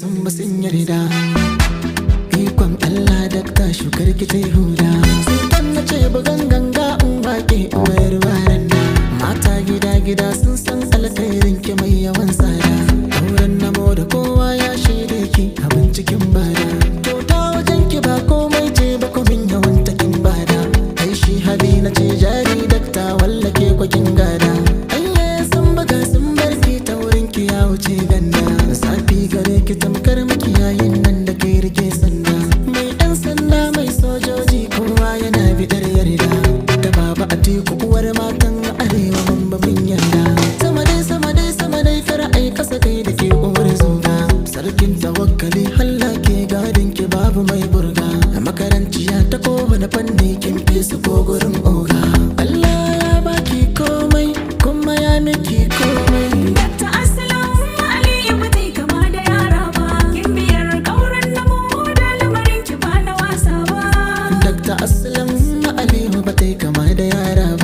sun ba sun yarda ikon Allah dakta shukar ki ta huda sai na ce bugan ganga in wake uwar baranda mata gida gida sun san alkhairi sai kin fi su ko gurin oga Allah ya baki komai kuma ya miki komai Dr. Assalamu Aliyu ba tai kama da yara ba kin biyar kauran na mu da lamarin ki ba wasa ba Dr. Assalamu Aliyu ba tai kama da yara ba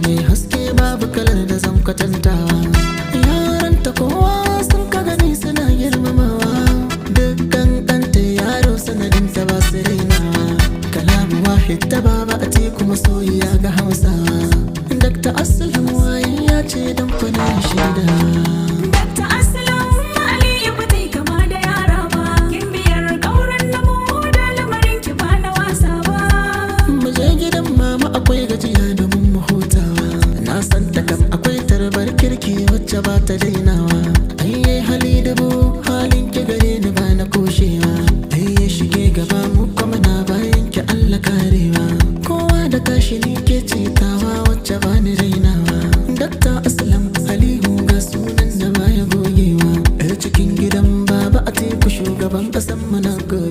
ta mai haske babu kalar da zan kwatanta yaran ta kowa sun ka gani suna girmamawa dukkan ɗanta yaro sanadin ta ba su raina kalamu wahid ta baba a teku masoyiya ga hausawa dakta asalin waye ya ce don kwanan shaida ta ba ta dainawa ayye hali dubu halin ki gare ni ba na koshewa ayye shige gaba mu kuma na bayan ki Allah karewa kowa da kashi ne ke citawa wacce ba ni rainawa dakta aslam alihu ga sunan da baya gogewa yar cikin gidan baba a teku shugaban kasan mana na